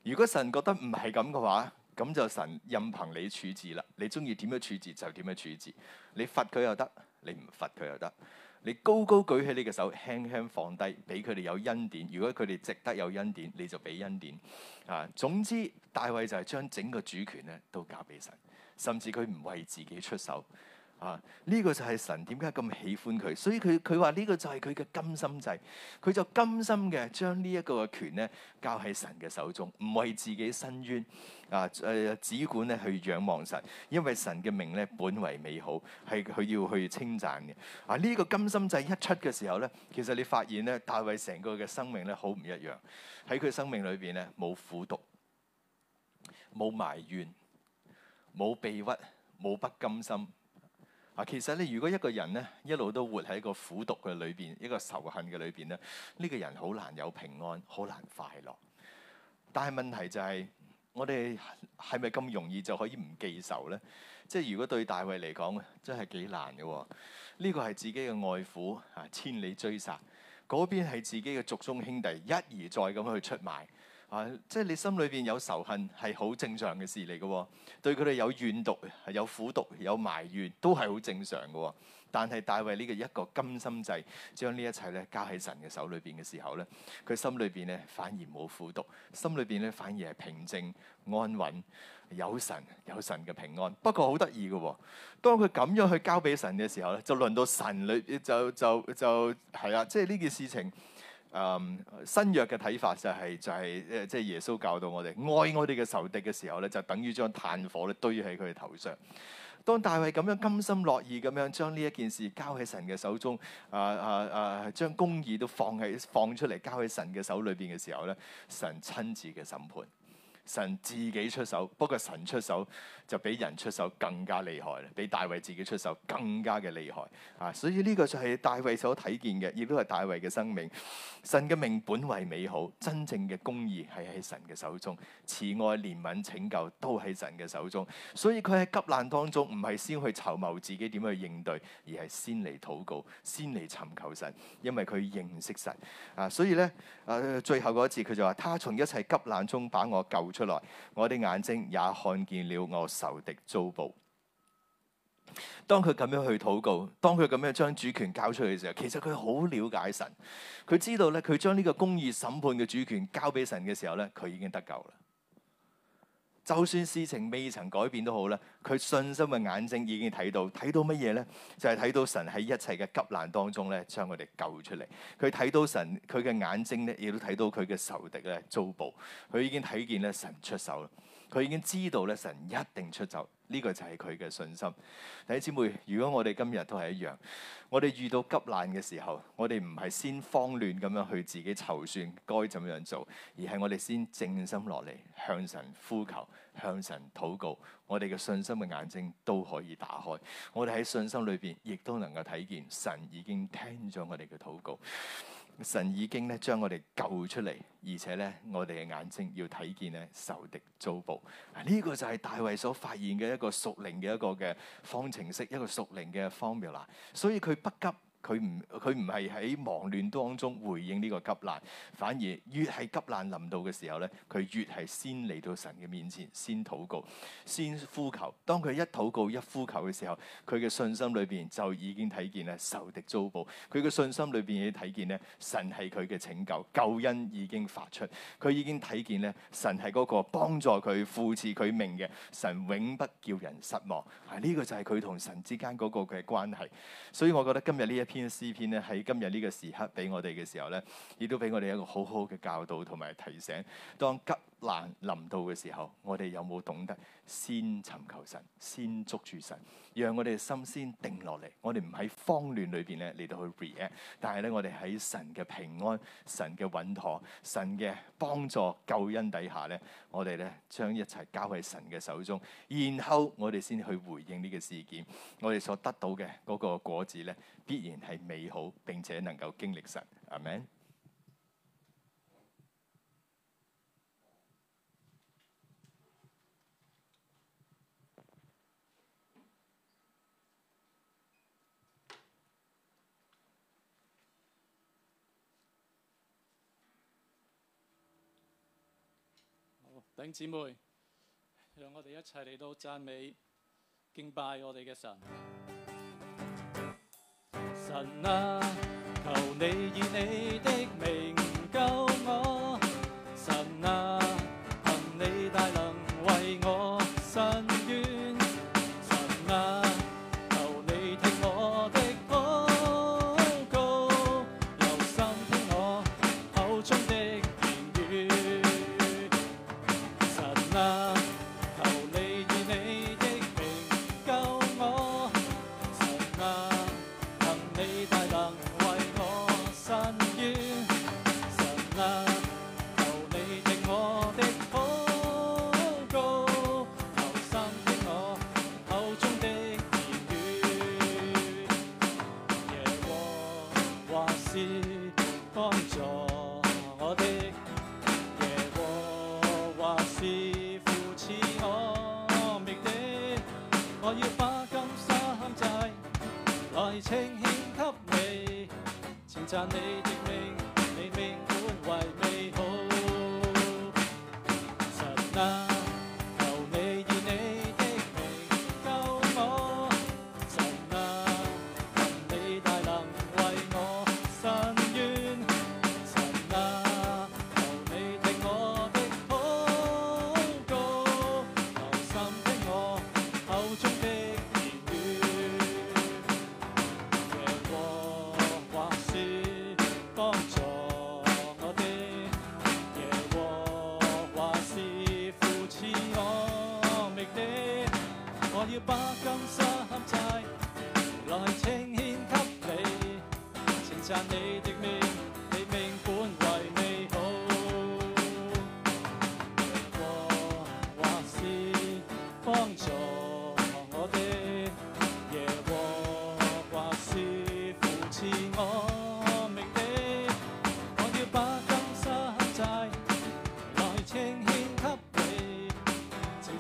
如果神覺得唔係咁嘅話，咁就神任憑你處置啦。你中意點樣處置就點樣處置。你罰佢又得，你唔罰佢又得。你高高舉起你嘅手，輕輕放低，俾佢哋有恩典。如果佢哋值得有恩典，你就俾恩典。啊，總之大衛就係將整個主權咧都交俾神，甚至佢唔為自己出手。啊！呢、這個就係神點解咁喜歡佢，所以佢佢話呢個就係佢嘅甘心祭。佢就甘心嘅將呢一個嘅權咧，交喺神嘅手中，唔為自己申冤啊！誒、呃，只管咧去仰望神，因為神嘅名咧本為美好，係佢要去稱讚嘅。啊！呢、這個甘心祭一出嘅時候咧，其實你發現咧大衛成個嘅生命咧好唔一樣，喺佢生命裏邊咧冇苦毒，冇埋怨，冇委屈，冇不甘心。嗱，其實咧，如果一個人咧一路都活喺個苦毒嘅裏邊，一個仇恨嘅裏邊咧，呢、這個人好難有平安，好難快樂。但係問題就係、是，我哋係咪咁容易就可以唔記仇咧？即係如果對大衛嚟講，真係幾難嘅、喎。呢、這個係自己嘅外父啊，千里追殺；嗰邊係自己嘅族中兄弟，一而再咁去出賣。啊！即係你心裏邊有仇恨係好正常嘅事嚟㗎喎，對佢哋有怨毒、有苦毒、有埋怨都係好正常㗎喎。但係大衛呢個一個甘心祭將呢一切咧交喺神嘅手裏邊嘅時候咧，佢心裏邊咧反而冇苦毒，心裏邊咧反而係平靜安穩，有神有神嘅平安。不過好得意㗎喎，當佢咁樣去交俾神嘅時候咧，就輪到神裏就就就係啦，即係呢件事情。誒、um, 新約嘅睇法就係、是、就係誒即係耶穌教導我哋愛我哋嘅仇敵嘅時候咧，就等於將炭火咧堆喺佢哋頭上。當大衛咁樣甘心樂意咁樣將呢一件事交喺神嘅手中，啊啊啊將公義都放喺放出嚟交喺神嘅手裏邊嘅時候咧，神親自嘅審判。神自己出手，不過神出手就比人出手更加厲害啦，比大衛自己出手更加嘅厲害啊，啊！所以呢個就係大衛所睇見嘅，亦都係大衛嘅生命。神嘅名本為美好，真正嘅公義係喺神嘅手中，慈愛憐憫拯救都喺神嘅手中。所以佢喺急難當中，唔係先去籌謀自己點去應對，而係先嚟禱告，先嚟尋求神，因為佢認識神啊！所以咧，誒最後嗰一節佢就話，他從一切急難中把我救出出來，我的眼睛也看見了我仇敵遭報。當佢咁樣去禱告，當佢咁樣將主權交出去嘅時候，其實佢好了解神，佢知道咧，佢將呢個公義審判嘅主權交俾神嘅時候咧，佢已經得救啦。就算事情未曾改變都好啦，佢信心嘅眼睛已經睇到，睇到乜嘢呢？就係、是、睇到神喺一切嘅急難當中咧，將佢哋救出嚟。佢睇到神，佢嘅眼睛咧，亦都睇到佢嘅仇敵咧遭報。佢已經睇見咧神出手，佢已經知道咧神一定出手。呢個就係佢嘅信心。弟兄姊妹，如果我哋今日都係一樣，我哋遇到急難嘅時候，我哋唔係先慌亂咁樣去自己籌算該怎麼樣做，而係我哋先靜心落嚟，向神呼求，向神禱告。我哋嘅信心嘅眼睛都可以打開，我哋喺信心裏邊亦都能夠睇見神已經聽咗我哋嘅禱告。神已經咧將我哋救出嚟，而且咧我哋嘅眼睛要睇見咧仇敵遭報。呢、這個就係大衛所發現嘅一個屬靈嘅一個嘅方程式，一個屬靈嘅 formula 啦。所以佢不急。佢唔佢唔係喺忙亂當中回應呢個急難，反而越係急難臨到嘅時候咧，佢越係先嚟,到神嘅面前，先禱告，先呼求。當佢一禱告一呼求嘅時候，佢嘅信心裏邊就已經睇見咧受敵遭報，佢嘅信心裏邊已經睇見咧神係佢嘅拯救，救恩已經發出。佢已經睇見咧神係嗰個幫助佢扶持佢命嘅神，永不叫人失望。啊，呢個就係佢同神之間嗰個嘅關係。所以我覺得今日呢一篇。呢篇詩篇咧喺今日呢個時刻俾我哋嘅時候咧，亦都俾我哋一個好好嘅教導同埋提醒。當急難臨到嘅時候，我哋有冇懂得先尋求神，先捉住神？讓我哋心先定落嚟，我哋唔喺慌亂裏邊咧嚟到去 react，但係咧我哋喺神嘅平安、神嘅穩妥、神嘅幫助、救恩底下咧，我哋咧將一切交喺神嘅手中，然後我哋先去回應呢個事件，我哋所得到嘅嗰個果子咧必然係美好，並且能夠經歷神。阿門。弟兄姊妹，讓我哋一齊嚟到讚美、敬拜我哋嘅神。神啊，求你以你的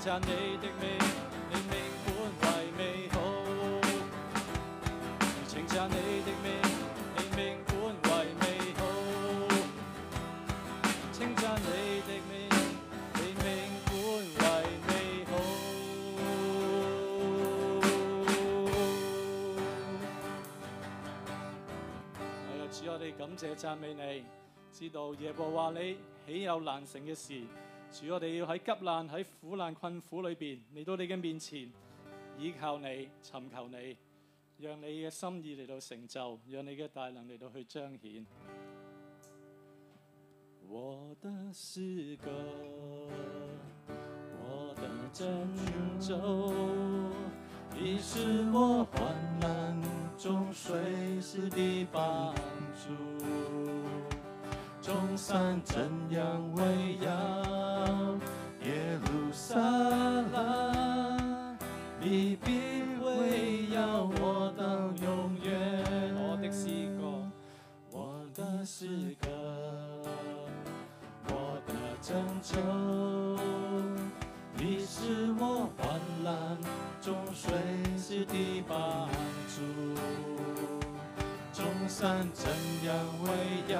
讚 你的名，你名本為美好；稱讚你的名，你名本為美好；稱讚你的名，你名本為美好。阿爸主，我哋感謝讚美你，知道耶和華你豈有難成嘅事？主我，我哋要喺急難、喺苦難、困苦裏邊嚟到你嘅面前，依靠你、尋求你，讓你嘅心意嚟到成就，讓你嘅大能嚟到去彰顯。 我的詩歌，我的拯救，你是我患難中隨時的幫助。中山怎樣圍繞耶路撒冷？你必圍繞我到永遠。我的詩歌，我的詩歌，我的拯救， 你是我患難中隨時的幫助。 中山怎樣圍繞？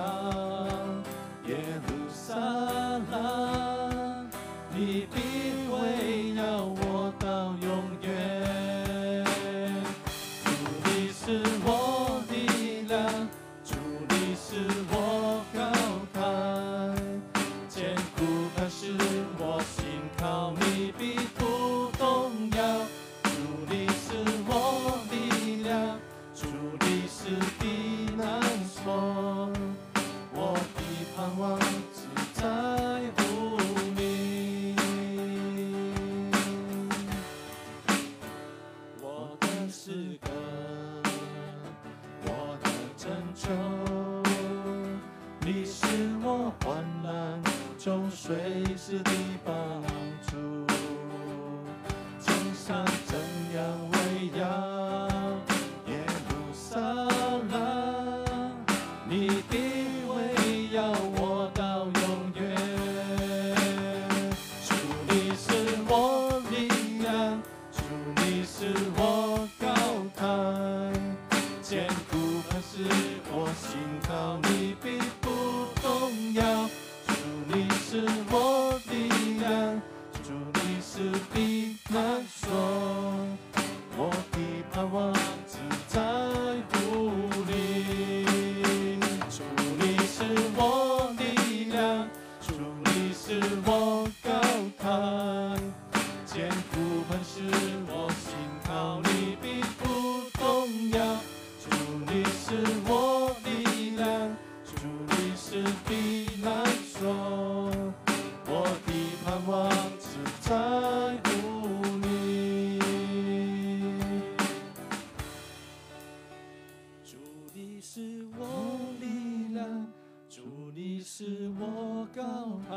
是我高台，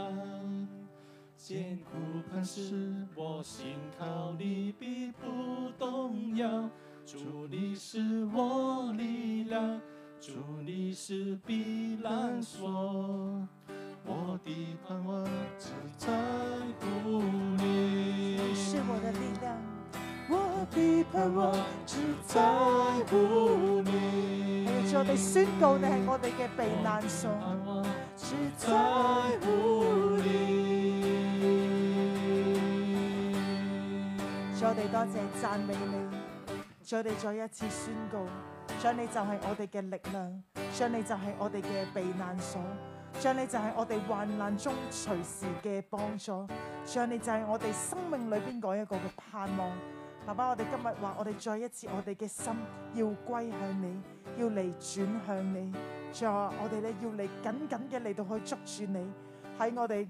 堅固磐石我信靠你，必不動搖。主你是我力量，主你是避難所，我的盼望只在乎你。你是我的力量，我的盼望只在乎你。我哋宣告你係我哋嘅避難所。再我哋多謝讚美你，我哋再一次宣告，將你就係我哋嘅力量，將你就係我哋嘅避難所，將你就係我哋患難中隨時嘅幫助，將你就係我哋生命裏邊嗰一個嘅盼望。爸爸，我哋今日話，我哋再一次，我哋嘅心要歸向你，要嚟轉向你。仲有我哋咧，要嚟緊緊嘅嚟到去捉住你。喺我哋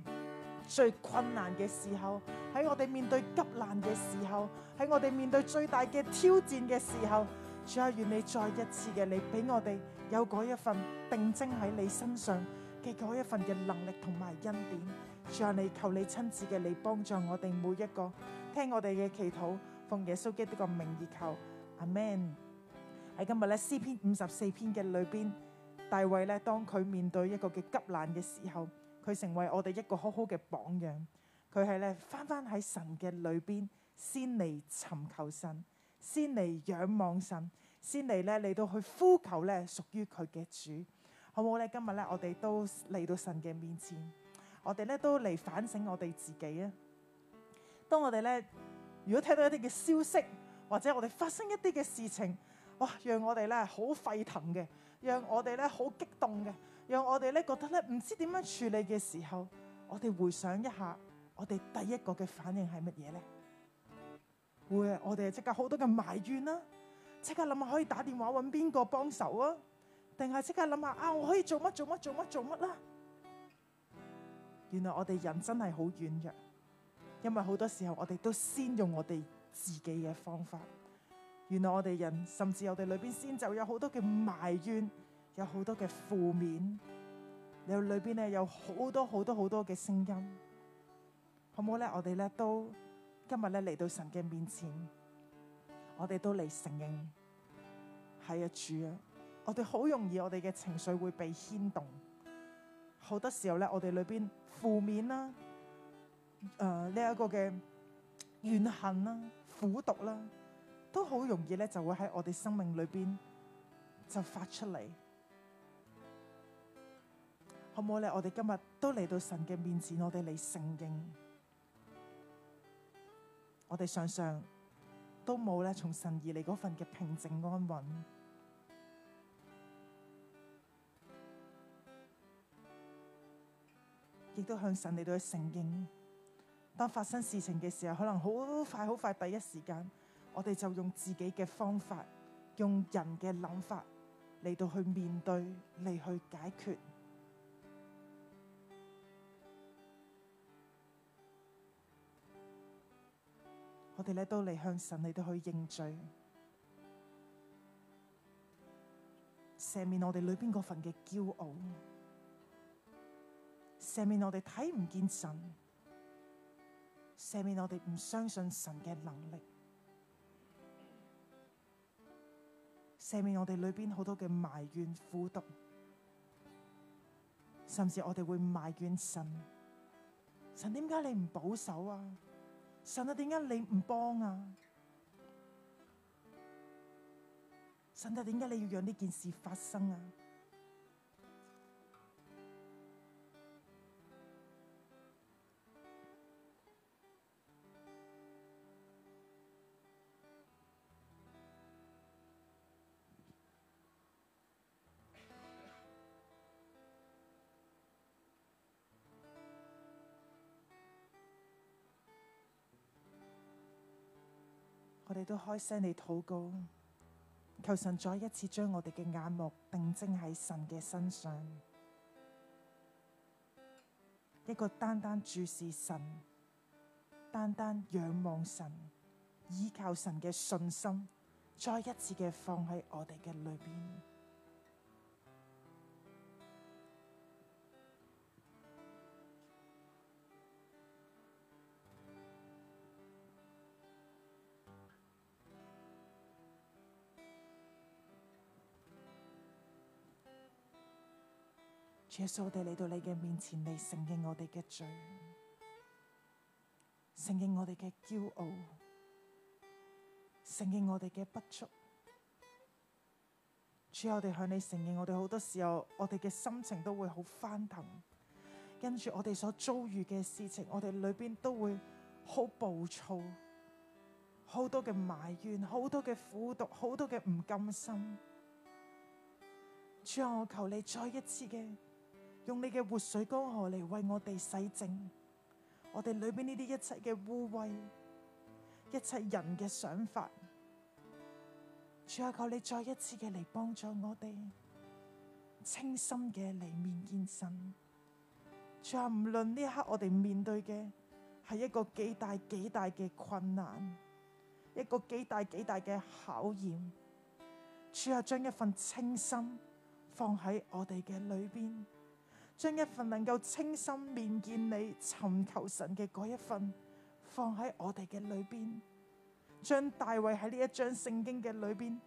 最困難嘅時候，喺我哋面對急難嘅時候，喺我哋面對最大嘅挑戰嘅時候，仲有，願你再一次嘅你俾我哋有嗰一份定睛喺你身上嘅嗰一份嘅能力同埋恩典。仲有，你求你親自嘅你幫助我哋每一個聽我哋嘅祈禱。奉耶穌基督嘅名義求阿門。喺今日咧，詩篇五十四篇嘅裏邊，大衛咧，當佢面對一個嘅急難嘅時候，佢成為我哋一個好好嘅榜樣。佢係咧翻翻喺神嘅裏邊，先嚟尋求神，先嚟仰望神，先嚟咧嚟到去呼求咧屬於佢嘅主，好唔好咧？今日咧，我哋都嚟到神嘅面前，我哋咧都嚟反省我哋自己啊！當我哋咧。如果聽到一啲嘅消息，或者我哋發生一啲嘅事情，哇！讓我哋咧好沸騰嘅，讓我哋咧好激動嘅，讓我哋咧覺得咧唔知點樣處理嘅時候，我哋回想一下，我哋第一個嘅反應係乜嘢咧？會我哋即刻好多嘅埋怨啦，即刻諗下可以打電話揾邊個幫手啊？定係即刻諗下啊，我可以做乜做乜做乜做乜啦？原來我哋人真係好軟弱。因為好多時候我哋都先用我哋自己嘅方法，原來我哋人甚至我哋裏邊先就有好多嘅埋怨，有好多嘅負面，裏面有裏邊咧有好多好多好多嘅聲音，好唔好咧？我哋咧都今日咧嚟到神嘅面前，我哋都嚟承認，係啊主啊，我哋好容易我哋嘅情緒會被牽動，好多時候咧我哋裏邊負面啦、啊。誒，呢一、呃，這個嘅怨恨啦、啊、苦毒啦、啊，都好容易咧，就會喺我哋生命裏邊就發出嚟，好唔好咧？我哋今日都嚟到神嘅面前，我哋嚟承認，我哋常常都冇咧從神而嚟嗰份嘅平靜安穩，亦都向神嚟到去承認。當發生事情嘅時候，可能好快好快，第一時間，我哋就用自己嘅方法，用人嘅諗法嚟到去面對，嚟去解決。我哋咧都嚟向神，嚟到去以認罪，赦免我哋裏邊嗰份嘅驕傲，赦免我哋睇唔見神。赦免我哋唔相信神嘅能力，赦免我哋裏面好多嘅埋怨、苦毒，甚至我哋會埋怨神，神點解你唔保守啊？神啊，點解你唔幫啊？神啊，點解你要讓呢件事發生啊？你都開聲你禱告，求神再一次將我哋嘅眼目定睛喺神嘅身上，一個單單注視神、單單仰望神、依靠神嘅信心，再一次嘅放喺我哋嘅裏邊。耶穌，Jesus, 我哋嚟到你嘅面前嚟承認我哋嘅罪，承認我哋嘅驕傲，承認我哋嘅不足。主，我哋向你承認我，我哋好多時候，我哋嘅心情都會好翻騰，跟住我哋所遭遇嘅事情，我哋裏邊都會好暴躁，好多嘅埋怨，好多嘅苦毒，好多嘅唔甘心。主啊，我求你再一次嘅。用你嘅活水江河嚟為我哋洗淨我哋裏邊呢啲一切嘅污穢，一切人嘅想法。主啊，求你再一次嘅嚟幫助我哋，清心嘅嚟面見神。主啊，唔論呢刻我哋面對嘅係一個幾大幾大嘅困難，一個幾大幾大嘅考驗，主啊，將一份清心放喺我哋嘅裏邊。將一份能夠清心面見你、尋求神嘅嗰一份，放喺我哋嘅裏邊；將大衛喺呢一章聖經嘅裏邊，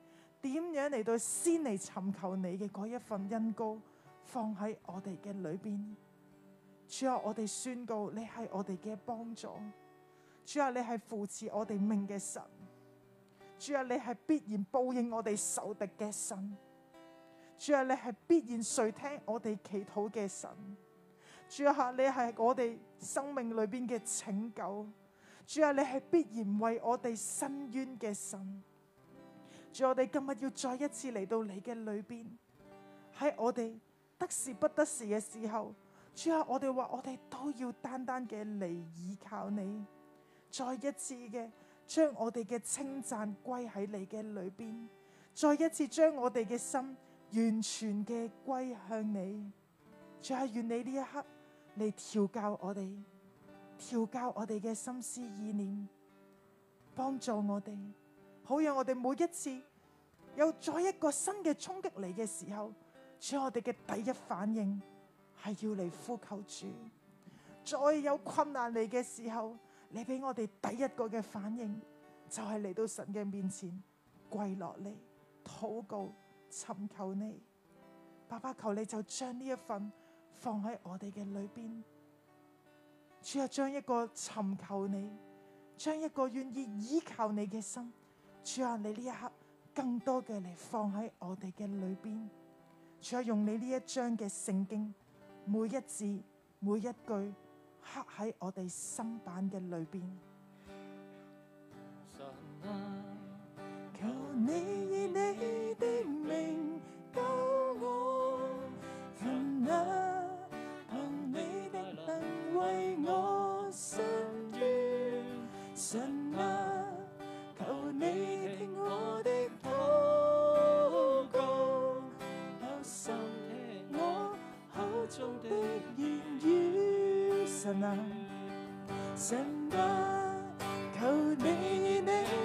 點樣嚟到先嚟尋求你嘅嗰一份恩膏，放喺我哋嘅裏邊。主啊，我哋宣告你係我哋嘅幫助；主啊，你係扶持我哋命嘅神；主啊，你係必然報應我哋仇敵嘅神。主啊，你係必然垂聽我哋祈禱嘅神。主啊，你係我哋生命裏邊嘅拯救。主啊，你係必然為我哋申冤嘅神。主啊，我哋今日要再一次嚟到你嘅裏邊，喺我哋得時不得時嘅時候，主啊，我哋話我哋都要單單嘅嚟依靠你，再一次嘅將我哋嘅稱讚歸喺你嘅裏邊，再一次將我哋嘅心。完全嘅歸向你，就係願你呢一刻嚟調教我哋，調教我哋嘅心思意念，幫助我哋，好讓我哋每一次有再一個新嘅衝擊嚟嘅時候，使我哋嘅第一反應係要嚟呼求主。再有困難嚟嘅時候，你俾我哋第一個嘅反應就係嚟到神嘅面前跪落嚟禱告。尋求你，爸爸求你就將呢一份放喺我哋嘅裏邊。主啊，將一個尋求你、將一個願意依靠你嘅心，主啊，你呢一刻更多嘅嚟放喺我哋嘅裏邊。主啊，用你呢一章嘅聖經，每一字每一句刻喺我哋心版嘅裏邊。神啊，求你。你的名救我，神啊！憑你的大能為我伸冤，神啊！求你聽我的禱告，心聽我口中的言語，神啊！神啊！求你你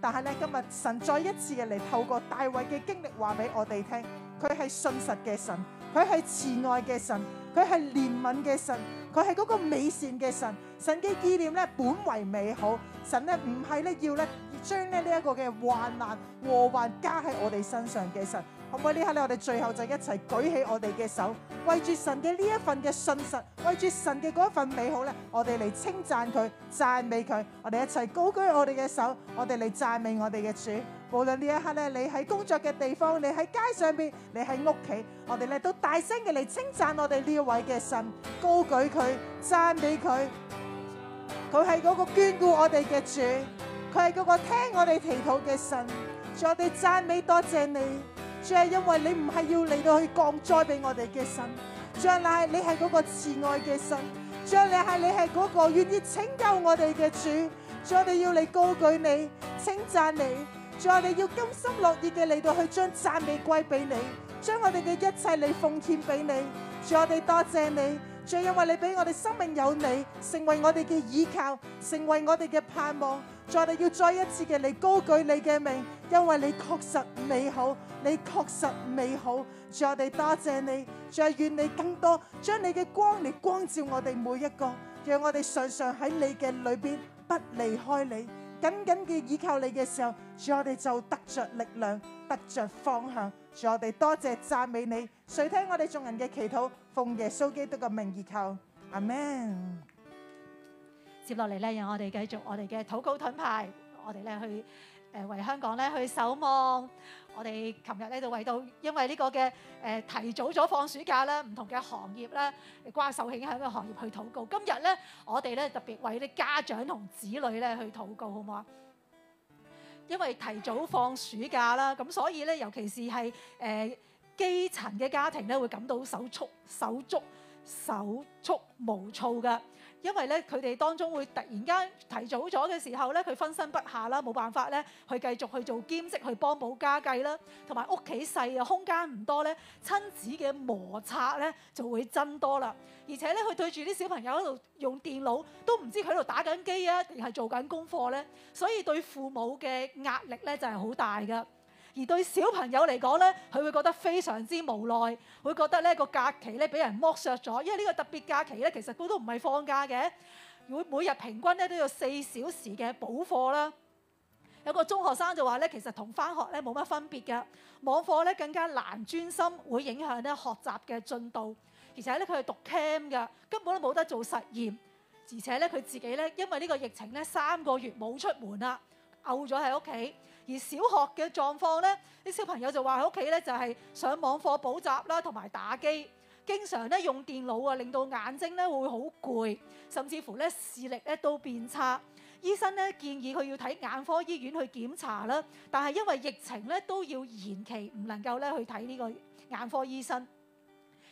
但係咧，今日神再一次嘅嚟透過大衛嘅經歷話俾我哋聽，佢係信實嘅神，佢係慈愛嘅神，佢係憐憫嘅神，佢係嗰個美善嘅神。神嘅意念咧本為美好，神咧唔係咧要咧將咧呢一個嘅患難和患加喺我哋身上嘅神。可唔可以呢刻咧？我哋最後就一齊舉起我哋嘅手，為住神嘅呢一份嘅信實，為住神嘅嗰一份美好咧，我哋嚟稱讚佢，讚美佢。我哋一齊高舉我哋嘅手，我哋嚟讚美我哋嘅主。無論呢一刻咧，你喺工作嘅地方，你喺街上邊，你喺屋企，我哋咧都大聲嘅嚟稱讚我哋呢一位嘅神，高舉佢，讚美佢。佢係嗰個眷顧我哋嘅主，佢係嗰個聽我哋祈禱嘅神。我哋讚美，多謝你。就係因為你唔係要嚟到去降災俾我哋嘅神，就係你係嗰個慈愛嘅神，就係你係你係嗰個願意拯救我哋嘅主，就我哋要嚟高舉你，稱讚你，就我哋要甘心樂意嘅嚟到去將讚美歸俾你，將我哋嘅一切嚟奉獻俾你，就我哋多謝你，就因為你俾我哋生命有你，成為我哋嘅依靠，成為我哋嘅盼望。主我哋要再一次嘅嚟高舉你嘅名，因為你確實美好，你確實美好。主我哋多謝你，主願你更多將你嘅光嚟光照我哋每一個，讓我哋常常喺你嘅裏邊不離開你，緊緊嘅倚靠你嘅時候，主我哋就得着力量，得着方向。主我哋多謝讚美你，垂聽我哋眾人嘅祈禱，奉耶穌基督嘅名而求，阿門。接落嚟咧，由我哋繼續我哋嘅禱告盾牌，我哋咧去誒為香港咧去守望。我哋琴日咧就為到，因為呢個嘅誒提早咗放暑假啦，唔同嘅行業咧關受影響嘅行業去禱告。今日咧，我哋咧特別為啲家長同子女咧去禱告，好唔好啊？因為提早放暑假啦，咁所以咧，尤其是係誒基層嘅家庭咧，會感到手足手足手足無措噶。因為咧，佢哋當中會突然間提早咗嘅時候咧，佢分身不下啦，冇辦法咧去繼續去做兼職去幫補家計啦，同埋屋企細啊，空間唔多咧，親子嘅摩擦咧就會增多啦。而且咧，佢對住啲小朋友喺度用電腦，都唔知佢喺度打緊機啊，定係做緊功課咧，所以對父母嘅壓力咧就係好大㗎。而對小朋友嚟講咧，佢會覺得非常之無奈，會覺得呢個假期咧俾人剝削咗，因為呢個特別假期咧其實都唔係放假嘅，會每日平均咧都要四小時嘅補課啦。有個中學生就話咧，其實同翻學咧冇乜分別㗎，網課咧更加難專心，會影響咧學習嘅進度，而且咧佢係讀 Cam 嘅，根本都冇得做實驗，而且咧佢自己咧因為呢個疫情咧三個月冇出門啦，漚咗喺屋企。而小學嘅狀況咧，啲小朋友就話喺屋企咧就係上網課補習啦，同埋打機，經常咧用電腦啊，令到眼睛咧會好攰，甚至乎咧視力咧都變差。醫生咧建議佢要睇眼科醫院去檢查啦，但係因為疫情咧都要延期，唔能夠咧去睇呢個眼科醫生。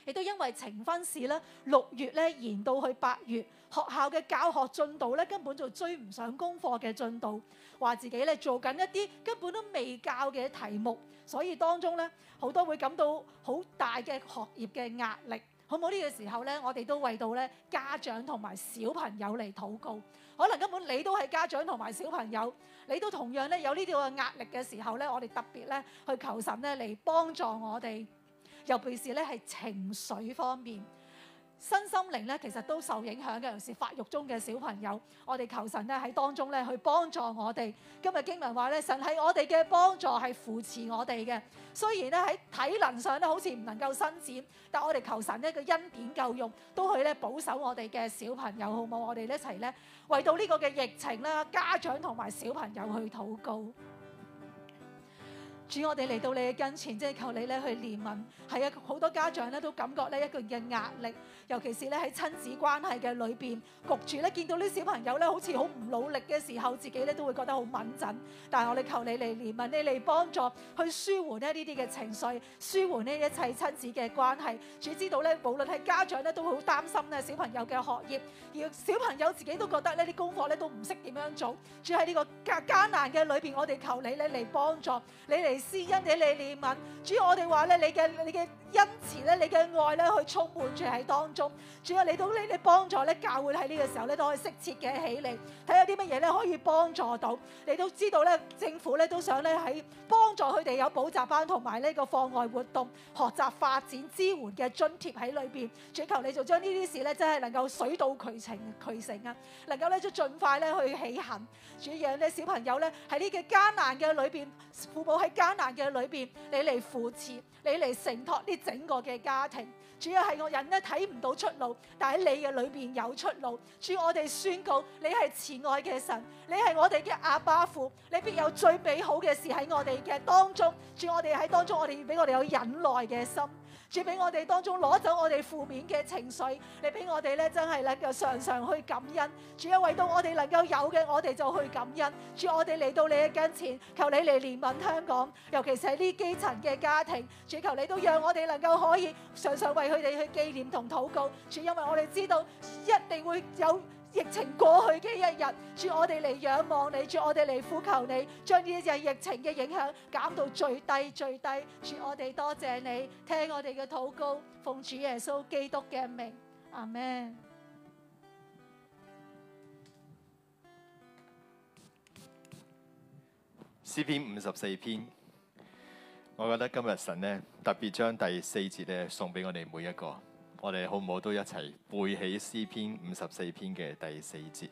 亦都因為呈分試咧，六月咧延到去八月。學校嘅教學進度咧，根本就追唔上功課嘅進度，話自己咧做緊一啲根本都未教嘅題目，所以當中咧好多會感到好大嘅學業嘅壓力，好唔好？呢個時候咧，我哋都為到咧家長同埋小朋友嚟禱告，可能根本你都係家長同埋小朋友，你都同樣咧有呢啲嘅壓力嘅時候咧，我哋特別咧去求神咧嚟幫助我哋，尤其是咧係情緒方面。身心靈咧，其實都受影響嘅，尤其是發育中嘅小朋友。我哋求神咧喺當中咧去幫助我哋。今日經文話咧，神係我哋嘅幫助，係扶持我哋嘅。雖然咧喺體能上咧好似唔能夠伸展，但我哋求神咧嘅恩典夠用，都去咧保守我哋嘅小朋友，好唔好？我哋一齊咧為到呢個嘅疫情咧，家長同埋小朋友去禱告。主，我哋嚟到你嘅跟前，即係求你咧去憐憫，係啊，好多家長咧都感覺咧一個嘅壓力，尤其是咧喺親子關係嘅裏邊，焗住咧，見到啲小朋友咧好似好唔努力嘅時候，自己咧都會覺得好敏感。但係我哋求你嚟憐憫，你嚟幫助去舒緩呢啲啲嘅情緒，舒緩呢一切親子嘅關係，主知道咧，無論係家長咧都好擔心咧小朋友嘅學業，而小朋友自己都覺得咧啲功課咧都唔識點樣做。主，喺呢個艱艱難嘅裏邊，我哋求你咧嚟幫助，你嚟。施恩俾你憐憫，主要我哋話咧，你嘅你嘅。因此咧，你嘅愛咧，去充滿住喺當中。主啊，你到你你幫助咧，教會喺呢個時候咧，都可以適切嘅起嚟，睇下啲乜嘢咧可以幫助到。你都知道咧，政府咧都想咧喺幫助佢哋有補習班同埋呢個課外活動學習發展支援嘅津貼，喺裏邊。主求你就將呢啲事咧，真係能夠水到渠成，渠成啊！能夠咧就盡快咧去起行。主讓咧小朋友咧喺呢個艱難嘅裏邊，父母喺艱難嘅裏邊，你嚟扶持，你嚟承托呢？整個嘅家庭，主要係我人咧睇唔到出路，但係你嘅裏邊有出路。主，我哋宣告，你係慈愛嘅神，你係我哋嘅阿爸父，你必有最美好嘅事喺我哋嘅當中。主，我哋喺當中我，我哋要俾我哋有忍耐嘅心。主俾我哋當中攞走我哋負面嘅情緒，嚟俾我哋咧，真係能夠常常去感恩。主啊，為到我哋能夠有嘅，我哋就去感恩。主，我哋嚟到你嘅跟前，求你嚟憐憫香港，尤其是喺呢基層嘅家庭。主，求你都讓我哋能夠可以常常為佢哋去紀念同禱告。主，因為我哋知道一定會有。疫情過去嘅一日，主，我哋嚟仰望你，主，我哋嚟呼求你，將呢日疫情嘅影響減到最低最低。主，我哋多謝你，聽我哋嘅禱告，奉主耶穌基督嘅名，阿門。詩篇五十四篇，我覺得今日神呢，特別將第四節咧送俾我哋每一個。我哋好唔好都一齊背起詩篇五十四篇嘅第四節，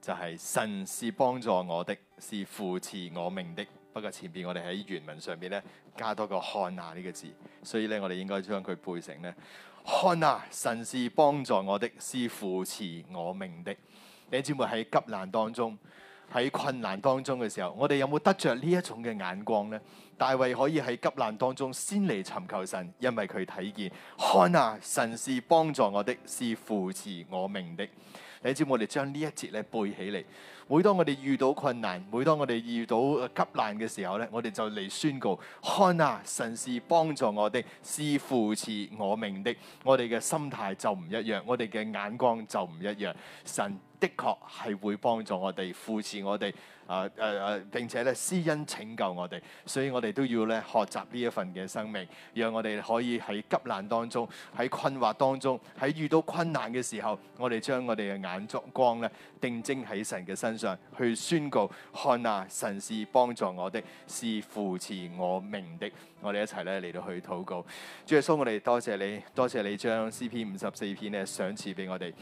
就係，神是幫助我的，是扶持我命的。不過前邊我哋喺原文上邊咧加多個看哪呢個字，所以咧我哋應該將佢背成呢。「看哪，神是幫助我的，是扶持我命的。弟兄姊妹喺急難當中，喺困難當中嘅時候，我哋有冇得着呢一種嘅眼光呢？大衛可以喺急難當中先嚟尋求神，因為佢睇見，看啊，神是幫助我的，是扶持我命的。你知我哋將呢一節咧背起嚟，每當我哋遇到困難，每當我哋遇到急難嘅時候咧，我哋就嚟宣告，看啊，神是幫助我的，是扶持我命的。我哋嘅心態就唔一樣，我哋嘅眼光就唔一樣。神。的確係會幫助我哋，扶持我哋，啊誒誒，並且咧施恩拯救我哋，所以我哋都要咧學習呢一份嘅生命，讓我哋可以喺急難當中、喺困惑當中、喺遇到困難嘅時候，我哋將我哋嘅眼觸光咧，定睛喺神嘅身上去宣告，看啊！神是幫助我的，是扶持我命的。我哋一齊咧嚟到去禱告。主耶穌，我哋多謝你，多謝你將詩篇五十四篇咧賞賜俾我哋。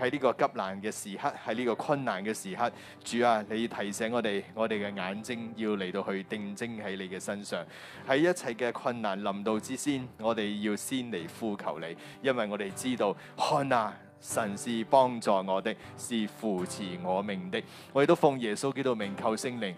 喺呢個急難嘅時刻，喺呢個困難嘅時刻，主啊，你提醒我哋，我哋嘅眼睛要嚟到去定睛喺你嘅身上。喺一切嘅困難臨到之先，我哋要先嚟呼求你，因為我哋知道，看啊！神是幫助我的，是扶持我命的。我亦都奉耶穌基督名，求聖靈，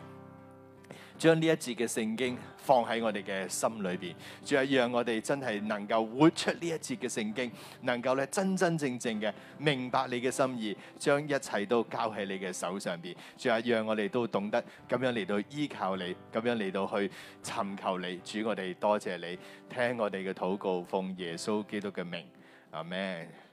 將呢一節嘅聖經放喺我哋嘅心裏邊，主啊，讓我哋真係能夠活出呢一節嘅聖經，能夠咧真真正正嘅明白你嘅心意，將一切都交喺你嘅手上邊。主啊，讓我哋都懂得咁樣嚟到依靠你，咁樣嚟到去尋求你。主，我哋多謝，謝你，聽我哋嘅禱告，奉耶穌基督嘅名。阿門。